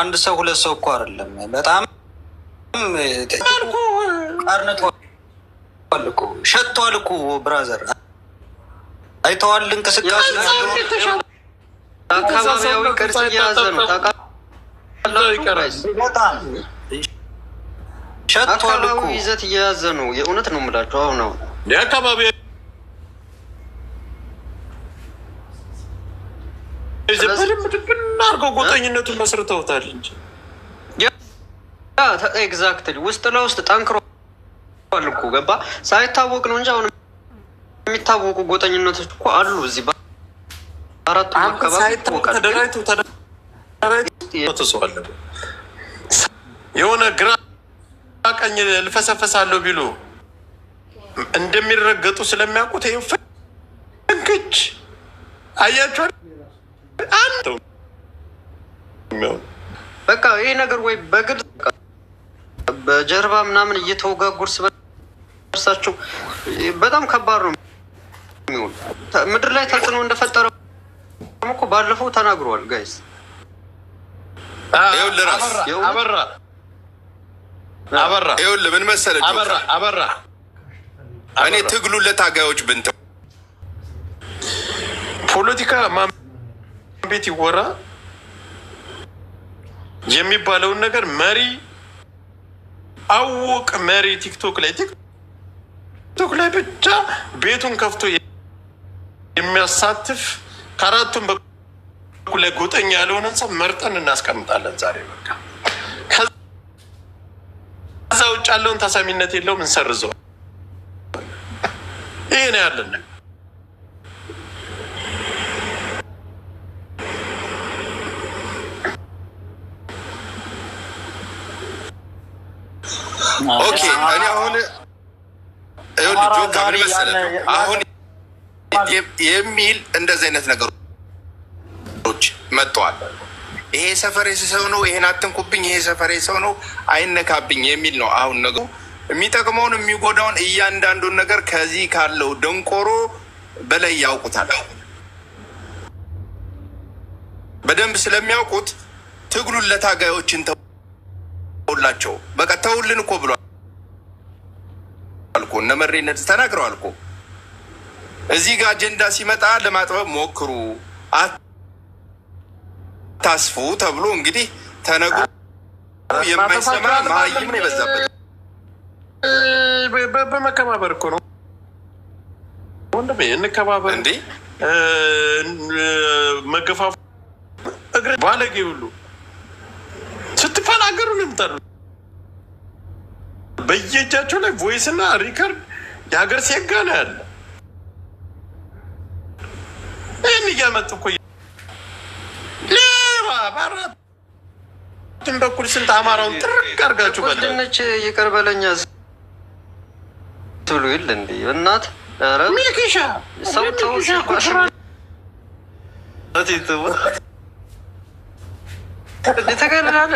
አንድ ሰው ሁለት ሰው እኮ አይደለም። በጣም ሸቷል እኮ ብራዘር፣ አይተዋል። እንቅስቃሴ አካባቢያዊ ቅርጽ እየያዘ ነው። ሸቷል እኮ ይዘት እየያዘ ነው። የእውነት ነው የምላቸው አሁን አሁን የአካባቢ እና አድርገው ጎጠኝነቱን መስርተውታል እንጂ ኤግዛክትሊ ውስጥ ለውስጥ ጠንክሮ እኮ ገባ ሳይታወቅ ነው እንጂ አሁን የሚታወቁ ጎጠኝነቶች እኮ አሉ። እዚህ በአራቱ የሆነ ግራ ቀኝ ልፈሰፈሳለሁ ቢሉ እንደሚረገጡ ስለሚያውቁት ይህ ፍንክች አያቸዋል አንተው በቃ ይሄ ነገር ወይ በግል በጀርባ ምናምን እየተወጋጉ እርስ በርሳቸው በጣም ከባድ ነው የሚሆን። ምድር ላይ ተጽዕኖ እንደፈጠረ እኮ ባለፈው ተናግሯል። ጋይስ አበራ አበራ ይኸውልህ ምን መሰለህ አበራ አበራ እኔ ትግሉ ለታጋዮች ብንተው ፖለቲካ ማን ቤት ይወራ የሚባለውን ነገር መሪ አወቅ መሪ ቲክቶክ ላይ ቲክቶክ ላይ ብቻ ቤቱን ከፍቶ የሚያሳትፍ ከአራቱም በኩል ላይ ጎጠኛ ያለሆነ ሰው መርጠን እናስቀምጣለን። ዛሬ በቃ ከዛ ውጭ ያለውን ተሰሚነት የለውም፣ እንሰርዘዋል። ይሄ ነው ያለን ነገር። ኦኬ እኔ አሁን ጆካ ምን መሰለህ አሁን የሚል እንደዚህ አይነት ነገሮች መጥተዋል። ይሄ ሰፈሬ ሰው ነው፣ ይሄን አትንኩብኝ፣ ይሄ ሰፈሬ ሰው ነው፣ አይነካብኝ የሚል ነው። አሁን ነገሩ የሚጠቅመውን የሚጎዳውን እያንዳንዱን ነገር ከዚህ ካለው ደንቆሮ በላይ ያውቁታል። በደንብ ስለሚያውቁት ትግሉን እንተው። ናቸው። በቃ ተውልን እኮ ብሏል እኮ እነ መሬነት ተናግረዋል እኮ እዚህ ጋር አጀንዳ ሲመጣ ለማጥበብ ሞክሩ አታስፉ ተብሎ እንግዲህ ተነግሮ የማይሰማ መሀይም ነው የበዛበት። በመከባበር እኮ ነው ወንድሜ፣ እንከባበር እንዴ መገፋፋ ባለጌ ሁሉ ስትፈናገሩ ነው የምጠሩ በየእጃቸው ላይ ቮይስ እና ሪከርድ የሀገር ሴጋ ነው ያለ። ይህን እያመጡ እኮ ሌባ በአራቱም በኩል ስንት አማራውን ጥርቅ አርጋችሁ በድንች ይቅር በለኛ ብሎ ይል እንዲ እናት ሚልኪሻ ሰው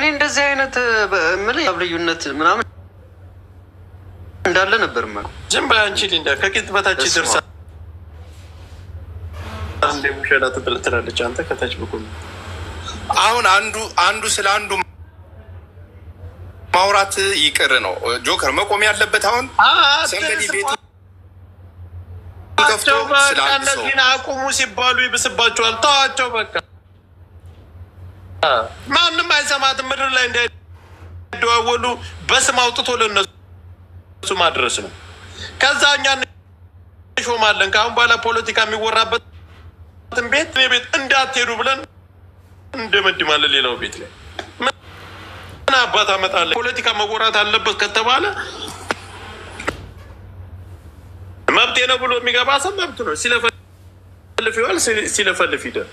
እኔ እንደዚህ አይነት ምል ልዩነት ምናምን እንዳለ ነበር። ዝም በይ አንቺ ሊንዳ ከቂጥ በታች ይደርሳል ትላለች። አንተ ከታች ብቁም። አሁን አንዱ አንዱ ስለ አንዱ ማውራት ይቅር ነው ጆከር መቆም ያለበት አሁን ሰንገዲ ቤቱ ተዋቸው በቃ። እነዚህን አቁሙ ሲባሉ ይብስባቸዋል። ተዋቸው በቃ። ማንም አይሰማትም ምድር ላይ እንዳይደዋወሉ በስም አውጥቶ ለነሱ እሱ ማድረስ ነው። ከዛ እኛ እንሾማለን። ከአሁን በኋላ ፖለቲካ የሚወራበትን ቤት እኔ ቤት እንዳትሄዱ ብለን እንደመድማለን። ሌላው ቤት ላይ ምን አባት አመጣለ? ፖለቲካ መወራት አለበት ከተባለ መብቴ ነው ብሎ የሚገባ ሰው መብት ነው። ሲለፈልፍ ይዋል፣ ሲለፈልፍ ይደር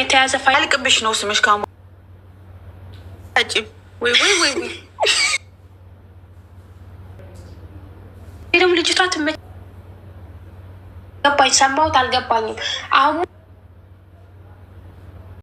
የተያዘ ፋይል አልቅብሽ ነው ስምሽ ካሙ ደግሞ ልጅቷ ትመ ገባኝ ሰማሁት አልገባኝም አሁን